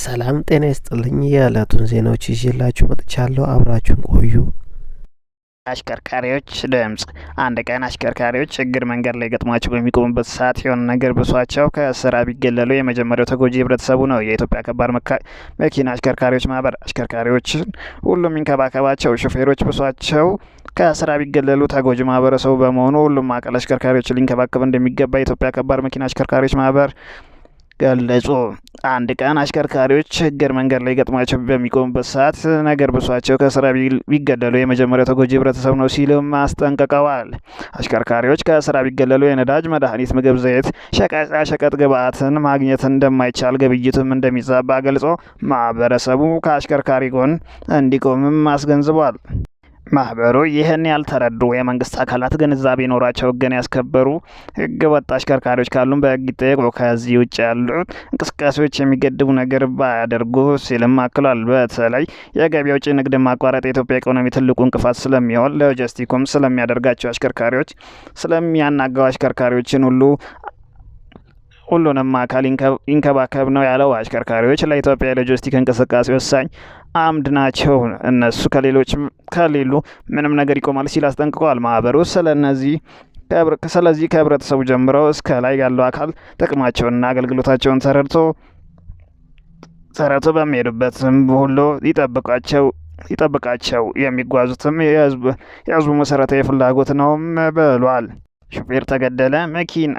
ሰላም ጤና ይስጥልኝ። የዕለቱን ዜናዎች ይዤላችሁ መጥቻለሁ። አብራችሁን ቆዩ። አሽከርካሪዎች ድምጽ። አንድ ቀን አሽከርካሪዎች ችግር መንገድ ላይ ገጥሟቸው በሚቆሙበት ሰዓት የሆነ ነገር ብሷቸው ከስራ ቢገለሉ የመጀመሪያው ተጎጂ ህብረተሰቡ ነው። የኢትዮጵያ ከባድ መኪና አሽከርካሪዎች ማህበር አሽከርካሪዎችን ሁሉም የሚንከባከባቸው ሾፌሮች ብሷቸው ከስራ ቢገለሉ ተጎጂ ማህበረሰቡ በመሆኑ ሁሉም አቀል አሽከርካሪዎች ሊንከባከብ እንደሚገባ የኢትዮጵያ ከባድ መኪና አሽከርካሪዎች ማህበር ገለጹ። አንድ ቀን አሽከርካሪዎች ችግር መንገድ ላይ ገጥሟቸው በሚቆሙበት ሰዓት ነገር ብሷቸው ከስራ ቢገለሉ የመጀመሪያው ተጎጂ ህብረተሰብ ነው ሲልም አስጠንቅቀዋል። አሽከርካሪዎች ከስራ ቢገለሉ የነዳጅ፣ መድኃኒት፣ ምግብ፣ ዘይት፣ ሸቀጣሸቀጥ ግብአትን ማግኘት እንደማይቻል ግብይቱም እንደሚዛባ ገልጾ ማህበረሰቡ ከአሽከርካሪ ጎን እንዲቆምም አስገንዝቧል። ማህበሩ ይህን ያልተረዱ የመንግስት አካላት ግንዛቤ ኖራቸው ህግን ያስከበሩ ህግ ወጥ አሽከርካሪዎች ካሉም በህግ ይጠየቁ፣ ከዚህ ውጭ ያሉት እንቅስቃሴዎች የሚገድቡ ነገር ባያደርጉ ሲልም አክሏል። በተለይ የገቢ ውጭ ንግድ ማቋረጥ የኢትዮጵያ ኢኮኖሚ ትልቁ እንቅፋት ስለሚሆን ሎጂስቲኩም ስለሚያደርጋቸው አሽከርካሪዎች ስለሚያናገው አሽከርካሪዎችን ሁሉ ሁሉንም አካል ይንከባከብ ነው ያለው። አሽከርካሪዎች ለኢትዮጵያ የሎጂስቲክ እንቅስቃሴ ወሳኝ አምድ ናቸው። እነሱ ከሌሎች ከሌሉ ምንም ነገር ይቆማል ሲል አስጠንቅቋል። ማህበሩ ስለነዚህ ስለዚህ ከህብረተሰቡ ጀምረው እስከ ላይ ያለው አካል ጥቅማቸውንና አገልግሎታቸውን ተረድቶ ተረቶ በሚሄዱበትም ሁሉ ይጠብቃቸው ይጠብቃቸው የሚጓዙትም የህዝቡ መሰረታዊ ፍላጎት ነውም ብሏል። ሹፌር ተገደለ፣ መኪና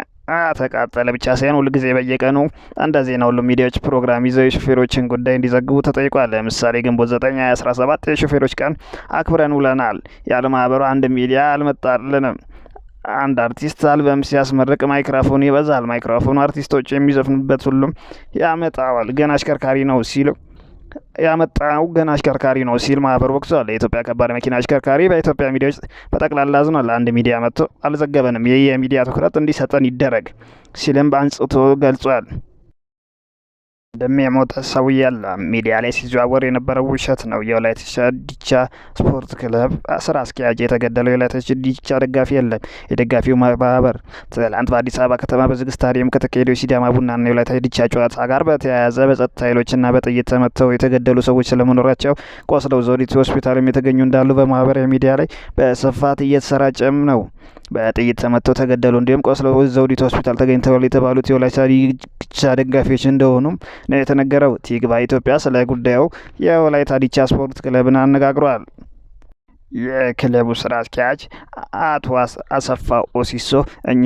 ተቃጠለ ብቻ ሳይሆን ሁልጊዜ በየቀኑ እንደ ዜና ሁሉም ሚዲያዎች ፕሮግራም ይዘው የሾፌሮችን ጉዳይ እንዲዘግቡ ተጠይቋል። ለምሳሌ ግንቦት 9 2017 የሾፌሮች ቀን አክብረን ውለናል። ያለ ማህበሩ አንድ ሚዲያ አልመጣልንም። አንድ አርቲስት አልበም ሲያስመርቅ ማይክሮፎን ይበዛል። ማይክሮፎኑ አርቲስቶች የሚዘፍኑበት ሁሉም ያመጣዋል። ግን አሽከርካሪ ነው ሲሉ ያመጣው ግን አሽከርካሪ ነው ሲል ማህበሩ ወቅሷል። የኢትዮጵያ ከባድ መኪና አሽከርካሪ በኢትዮጵያ ሚዲያዎች በጠቅላላ አዝኗል። አንድ ሚዲያ መጥቶ አልዘገበንም፣ ይህ የሚዲያ ትኩረት እንዲሰጠን ይደረግ ሲልም በአንጽቶ ገልጿል። ደም የሞተ ሰው አለ ሚዲያ ላይ ሲዘዋወር የነበረው ውሸት ነው። የወላይትቻ ዲቻ ስፖርት ክለብ ስራ አስኪያጅ የተገደለው የወላይትቻ ዲቻ ደጋፊ የለም። የደጋፊው ማህበር ትላንት በአዲስ አበባ ከተማ በዝግ ስታዲየም ከተካሄደው የሲዳማ ቡናና የወላይትቻ ዲቻ ጨዋታ ጋር በተያያዘ በጸጥታ ኃይሎችና በጥይት ተመተው የተገደሉ ሰዎች ስለመኖራቸው ቆስለው ዘውዲቱ ሆስፒታልም የተገኙ እንዳሉ በማህበራዊ ሚዲያ ላይ በስፋት እየተሰራጨም ነው። በጥይት ተመተው ተገደሉ። እንዲሁም ቆስለው ዘውዲቱ ሆስፒታል ተገኝተዋል የተባሉት የወላይታ ዲቻ ደጋፊዎች እንደሆኑም ነው የተነገረው። ቲግባ ኢትዮጵያ ስለ ጉዳዩ የወላይታ ዲቻ ስፖርት ክለብን አነጋግሯል። የክለቡ ስራ አስኪያጅ አቶ አሰፋ ኦሲሶ እኛ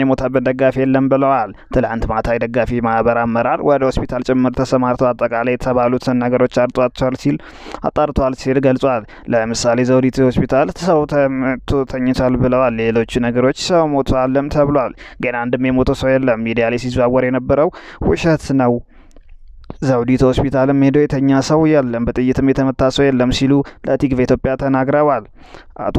የሞታበት ደጋፊ የለም ብለዋል። ትላንት ማታ የደጋፊ ማህበር አመራር ወደ ሆስፒታል ጭምር ተሰማርቶ አጠቃላይ የተባሉትን ነገሮች አርጧቸዋል ሲል አጣርቷል ሲል ገልጿል። ለምሳሌ ዘውዲቱ ሆስፒታል ሰው ተመቶ ተኝቷል ብለዋል። ሌሎቹ ነገሮች ሰው ሞቷለም ተብሏል። ገና እንደም የሞተ ሰው የለም። ሚዲያ ላይ ሲዘዋወር የነበረው ውሸት ነው ዘውዲት ሆስፒታልም ሄዶ የተኛ ሰው የለም፣ በጥይትም የተመታ ሰው የለም ሲሉ ለቲግቭ ኢትዮጵያ ተናግረዋል። አቶ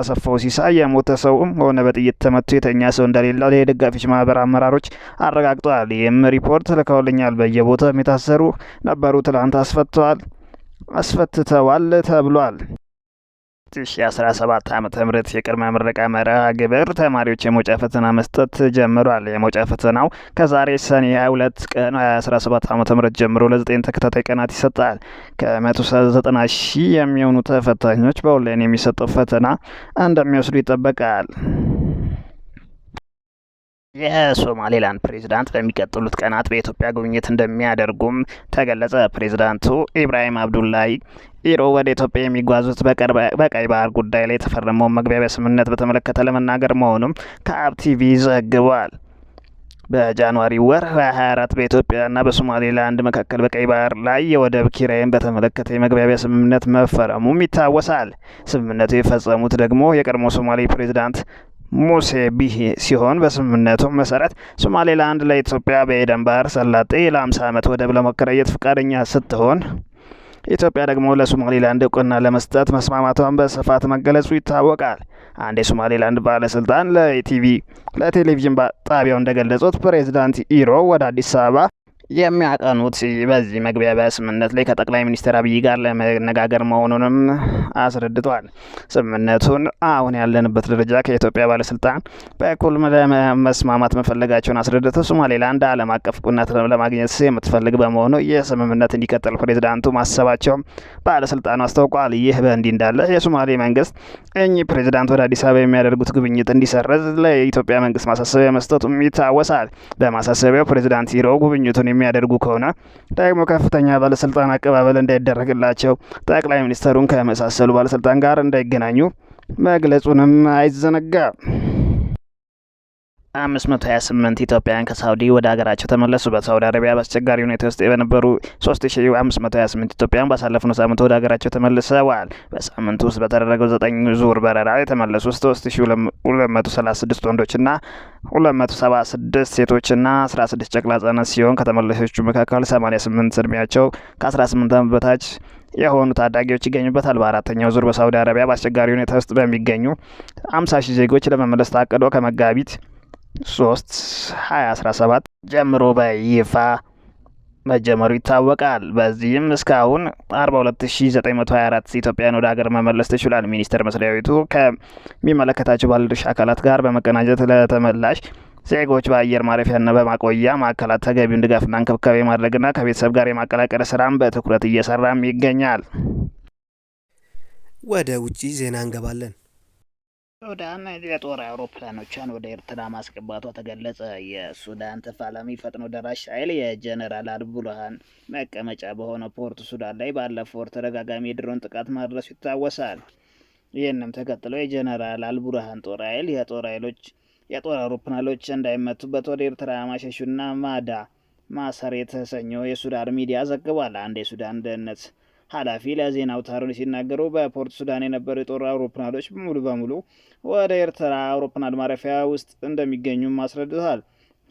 አሰፋው ሲሳይ የሞተ ሰውም ሆነ በጥይት ተመቶ የተኛ ሰው እንደሌለ የደጋፊዎች ማህበር አመራሮች አረጋግጠዋል። ይህም ሪፖርት ልከውልኛል። በየቦታው የታሰሩ ነበሩ፣ ትላንት አስፈተዋል አስፈትተዋል ተብሏል። 2017 ዓ ም የቅድመ ምረቃ መርሃ ግብር ተማሪዎች የመውጫ ፈተና መስጠት ጀምሯል። የመውጫ ፈተናው ከዛሬ ሰኔ 22 ቀን 2017 ዓ ም ጀምሮ ለ9 ተከታታይ ቀናት ይሰጣል። ከ190 ሺህ የሚሆኑ ተፈታኞች በኦንላይን የሚሰጠው ፈተና እንደሚወስዱ ይጠበቃል። የሶማሌላንድ ፕሬዚዳንት በሚቀጥሉት ቀናት በኢትዮጵያ ጉብኝት እንደሚያደርጉም ተገለጸ። ፕሬዚዳንቱ ኢብራሂም አብዱላይ ኢሮ ወደ ኢትዮጵያ የሚጓዙት በቀይ ባህር ጉዳይ ላይ የተፈረመውን መግቢያ ስምምነት በተመለከተ ለመናገር መሆኑም ከአብ ቲቪ ዘግቧል። በጃንዋሪ ወር 24 በኢትዮጵያና በሶማሌላንድ መካከል በቀይ ባህር ላይ የወደብ ኪራይን በተመለከተ የመግባቢያ ስምምነት መፈረሙም ይታወሳል። ስምምነቱ የፈጸሙት ደግሞ የቀድሞ ሶማሌ ፕሬዚዳንት ሙሴ ቢሂ ሲሆን በስምምነቱ መሰረት ሶማሌላንድ ለኢትዮጵያ በኤደን ባህር ሰላጤ ለ50 ዓመት ወደብ ለመከራየት ፈቃደኛ ስትሆን ኢትዮጵያ ደግሞ ለሶማሌላንድ እውቅና ለመስጠት መስማማቷን በስፋት መገለጹ ይታወቃል። አንድ የሶማሌላንድ ባለስልጣን ለቲቪ ለቴሌቪዥን ጣቢያው እንደገለጹት ፕሬዚዳንት ኢሮ ወደ አዲስ አበባ የሚያጠኑት በዚህ መግቢያ በስምምነት ላይ ከጠቅላይ ሚኒስትር አብይ ጋር ለመነጋገር መሆኑንም አስረድቷል። ስምምነቱን አሁን ያለንበት ደረጃ ከኢትዮጵያ ባለስልጣን በኩል ለመስማማት መፈለጋቸውን አስረድተው ሶማሌላንድ ዓለም አቀፍ እውቅናት ለማግኘት የምትፈልግ በመሆኑ ይህ ስምምነት እንዲቀጥል ፕሬዚዳንቱ ማሰባቸው ባለስልጣኑ አስታውቋል። ይህ በእንዲህ እንዳለ የሶማሌ መንግስት እኚህ ፕሬዚዳንት ወደ አዲስ አበባ የሚያደርጉት ጉብኝት እንዲሰረዝ ለኢትዮጵያ መንግስት ማሳሰቢያ መስጠቱም ይታወሳል። በማሳሰቢያው ፕሬዚዳንት ሂሮ ጉብኝቱን የሚያደርጉ ከሆነ ደግሞ ከፍተኛ ባለስልጣን አቀባበል እንዳይደረግላቸው ጠቅላይ ሚኒስተሩን ከመሳሰሉ ባለስልጣን ጋር እንዳይገናኙ መግለጹንም አይዘነጋም። አምስት መቶ ሀያ ስምንት ኢትዮጵያውያን ከሳውዲ ወደ ሀገራቸው ተመለሱ። በሳውዲ አረቢያ በአስቸጋሪ ሁኔታ ውስጥ በነበሩ ሶስት ሺ አምስት መቶ ሀያ ስምንት ኢትዮጵያውያን ባሳለፍነው ሳምንት ወደ ሀገራቸው ተመልሰዋል። በሳምንቱ ውስጥ በተደረገው ዘጠኝ ዙር በረራ የተመለሱ ውስጥ ሶስት ሺ ሁለት መቶ ሰላሳ ስድስት ወንዶችና ሁለት መቶ ሰባ ስድስት ሴቶችና አስራ ስድስት ጨቅላ ህጻናት ሲሆን ከተመላሾቹ መካከል ሰማኒያ ስምንት እድሜያቸው ከአስራ ስምንት ዓመት በታች የሆኑ ታዳጊዎች ይገኙበታል። በአራተኛው ዙር በሳውዲ አረቢያ በአስቸጋሪ ሁኔታ ውስጥ በሚገኙ አምሳ ሺህ ዜጎች ለመመለስ ታቅዶ ከመጋቢት 3 2017 ጀምሮ በይፋ መጀመሩ ይታወቃል። በዚህም እስካሁን 42924 ኢትዮጵያን ወደ ሀገር መመለስ ተችሏል። ሚኒስቴር መስሪያ ቤቱ ከሚመለከታቸው ባለድርሻ አካላት ጋር በመቀናጀት ለተመላሽ ዜጎች በአየር ማረፊያና በማቆያ ማዕከላት ተገቢውን ድጋፍና እንክብካቤ ማድረግና ከቤተሰብ ጋር የማቀላቀል ስራም በትኩረት እየሰራም ይገኛል። ወደ ውጭ ዜና እንገባለን። ሱዳን የጦር አውሮፕላኖቿን ወደ ኤርትራ ማስገባቷ ተገለጸ። የሱዳን ተፋላሚ ፈጥኖ ደራሽ ኃይል የጀኔራል አልቡርሃን መቀመጫ በሆነ ፖርት ሱዳን ላይ ባለፈው ወር ተደጋጋሚ የድሮን ጥቃት ማድረሱ ይታወሳል። ይህንም ተከትሎ የጀኔራል አልቡርሃን ጦር ኃይል የጦር ኃይሎች የጦር አውሮፕላኖች እንዳይመቱበት ወደ ኤርትራ ማሸሹና ማዳ ማሰር የተሰኘው የሱዳን ሚዲያ ዘግቧል። አንድ የሱዳን ደህንነት ኃላፊ ለዜና አውታሮች ሲናገሩ በፖርት ሱዳን የነበሩ የጦር አውሮፕላኖች ሙሉ በሙሉ ወደ ኤርትራ አውሮፕላን ማረፊያ ውስጥ እንደሚገኙም አስረድተዋል።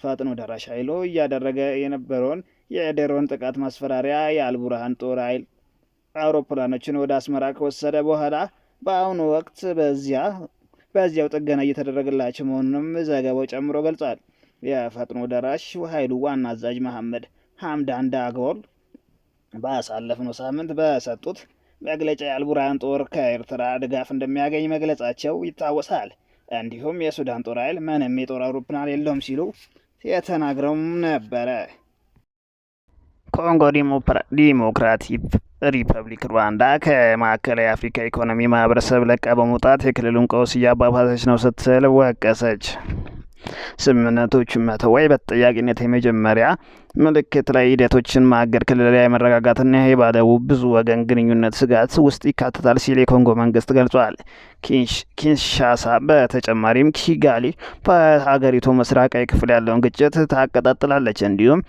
ፈጥኖ ደራሽ ኃይሉ እያደረገ የነበረውን የድሮን ጥቃት ማስፈራሪያ የአልቡርሃን ጦር ኃይል አውሮፕላኖችን ወደ አስመራ ከወሰደ በኋላ በአሁኑ ወቅት በዚያ በዚያው ጥገና እየተደረገላቸው መሆኑንም ዘገባው ጨምሮ ገልጿል። የፈጥኖ ደራሽ ኃይሉ ዋና አዛዥ መሐመድ ሀምዳን ዳጎል ባሳለፍነው ሳምንት በሰጡት መግለጫ የአልቡርሃን ጦር ከኤርትራ ድጋፍ እንደሚያገኝ መግለጻቸው ይታወሳል። እንዲሁም የሱዳን ጦር ኃይል ምንም የጦር አውሮፕላን የለውም ሲሉ የተናግረውም ነበረ። ኮንጎ ዲሞክራቲክ ሪፐብሊክ ሩዋንዳ ከማዕከላዊ አፍሪካ ኢኮኖሚ ማህበረሰብ ለቃ በመውጣት የክልሉን ቀውስ እያባባሰች ነው ስትል ወቀሰች። ስምምነቶቹ መተው ወይ በተጠያቂነት የመጀመሪያ ምልክት ላይ ሂደቶችን ማገድ ክልላዊ መረጋጋትና የባለቡ ብዙ ወገን ግንኙነት ስጋት ውስጥ ይካተታል ሲል የኮንጎ መንግስት ገልጿል። ኪንሻሳ በተጨማሪም ኪጋሊ በሀገሪቱ ምስራቃዊ ክፍል ያለውን ግጭት ታቀጣጥላለች፣ እንዲሁም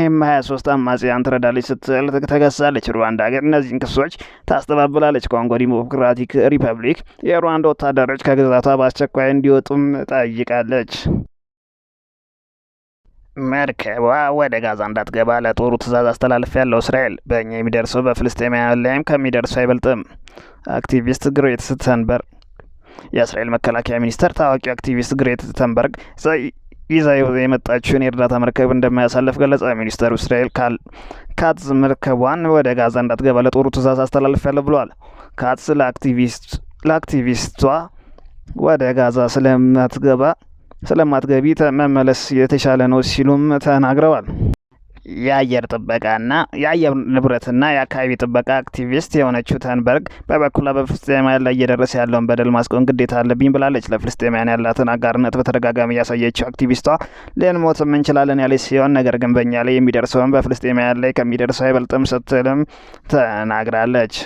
ኤም 23 አማጽያን ትረዳለች ስትል ተከሳለች። ሩዋንዳ ግን እነዚህን ክሶች ታስተባብላለች። ኮንጎ ዲሞክራቲክ ሪፐብሊክ የሩዋንዳ ወታደሮች ከግዛቷ በአስቸኳይ እንዲወጡም ጠይቃለች። መርከቧ ወደ ጋዛ እንዳትገባ ለጦሩ ትእዛዝ አስተላልፍ ያለው እስራኤል በእኛ የሚደርሰው በፍልስጤማውያን ላይም ከሚደርሱ አይበልጥም። አክቲቪስት ግሬት ስተንበርግ የእስራኤል መከላከያ ሚኒስተር ታዋቂው አክቲቪስት ግሬት ስተንበርግ ይዛ የመጣችውን የእርዳታ መርከብ እንደማያሳልፍ ገለጸ። ሚኒስተሩ እስራኤል ካል ካትዝ መርከቧን ወደ ጋዛ እንዳትገባ ለጦሩ ትእዛዝ አስተላልፍ ያለው ብሏል። ካትዝ ለአክቲቪስቷ ወደ ጋዛ ስለማትገባ ስለማትገቢ መመለስ የተሻለ ነው ሲሉም ተናግረዋል። የአየር ጥበቃና የአየር ንብረትና የአካባቢ ጥበቃ አክቲቪስት የሆነችው ተንበርግ በበኩሏ በፍልስጤማውያን ላይ እየደረሰ ያለውን በደል ማስቆም ግዴታ አለብኝ ብላለች። ለፍልስጤማውያን ያላትን አጋርነት በተደጋጋሚ እያሳየችው አክቲቪስቷ ልንሞትም እንችላለን ያለች ሲሆን ነገር ግን በእኛ ላይ የሚደርሰውን በፍልስጤማውያን ላይ ከሚደርሰው አይበልጥም ስትልም ተናግራለች።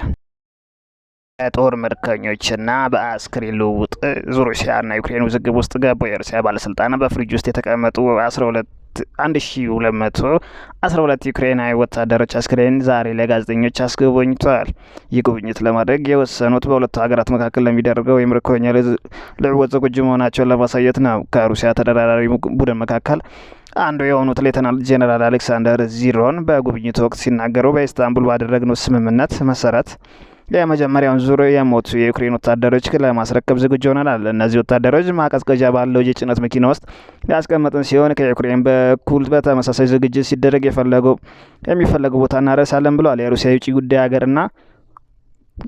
በጦር ምርኮኞችና በአስክሬን ልውውጥ ሩሲያና ዩክሬን ውዝግብ ውስጥ ገቡ። የሩሲያ ባለስልጣናት በፍሪጅ ውስጥ የተቀመጡ አስራ ሁለት አንድ ሺ ሁለት መቶ አስራ ሁለት ዩክሬናዊ ወታደሮች አስክሬን ዛሬ ለጋዜጠኞች አስጎብኝተዋል። ይህ ጉብኝት ለማድረግ የወሰኑት በሁለቱ ሀገራት መካከል ለሚደረገው የምርኮኛ ልዕወት ዝግጁ መሆናቸውን ለማሳየት ነው። ከሩሲያ ተደራዳሪ ቡድን መካከል አንዱ የሆኑት ሌተናል ጄኔራል አሌክሳንደር ዚሮን በጉብኝቱ ወቅት ሲናገሩ በኢስታንቡል ባደረግነው ስምምነት መሰረት የመጀመሪያውን ዙር የሞቱ የዩክሬን ወታደሮች ለማስረከብ ዝግጁ ሆነናል። እነዚህ ወታደሮች ማቀዝቀዣ ባለው የጭነት መኪና ውስጥ ያስቀመጥን ሲሆን ከዩክሬን በኩል በተመሳሳይ ዝግጅት ሲደረግ የፈለገው የሚፈለገው ቦታ እናደርሳለን ብለዋል። የሩሲያ የውጭ ጉዳይ ሀገርና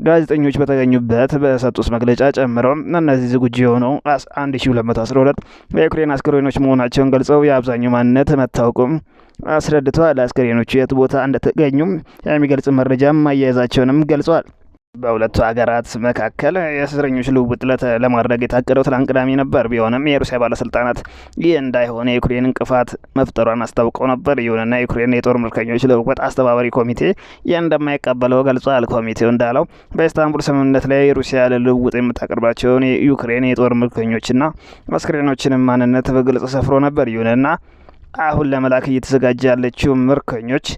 ጋዜጠኞች በተገኙበት በሰጡት መግለጫ ጨምሮ እነዚህ ዝግጁ የሆነው 1212 የዩክሬን አስክሬኖች መሆናቸውን ገልጸው የአብዛኛው ማንነት መታወቁም አስረድተዋል። አስክሬኖቹ የት ቦታ እንደተገኙም የሚገልጽ መረጃም ማያያዛቸውንም ገልጸዋል። በሁለቱ ሀገራት መካከል የእስረኞች ልውውጥ ለማድረግ የታቀደው ትላንት ቅዳሜ ነበር። ቢሆንም የሩሲያ ባለስልጣናት ይህ እንዳይሆነ የዩክሬን እንቅፋት መፍጠሯን አስታውቀው ነበር። ይሁንና የዩክሬን የጦር ምርኮኞች ልውውጥ አስተባባሪ ኮሚቴ ይህ እንደማይቀበለው ገልጿል። ኮሚቴው እንዳለው በኢስታንቡል ስምምነት ላይ ሩሲያ ለልውውጥ የምታቀርባቸውን የዩክሬን የጦር ምርኮኞችና አስክሬኖችንም ማንነት በግልጽ ሰፍሮ ነበር። ይሁንና አሁን ለመላክ እየተዘጋጀ ያለችው ምርኮኞች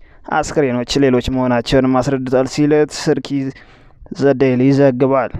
አስክሬኖች ሌሎች መሆናቸውን ማስረድቷል ሲል ስርኪ ዘ ዴይሊ ይዘግባል።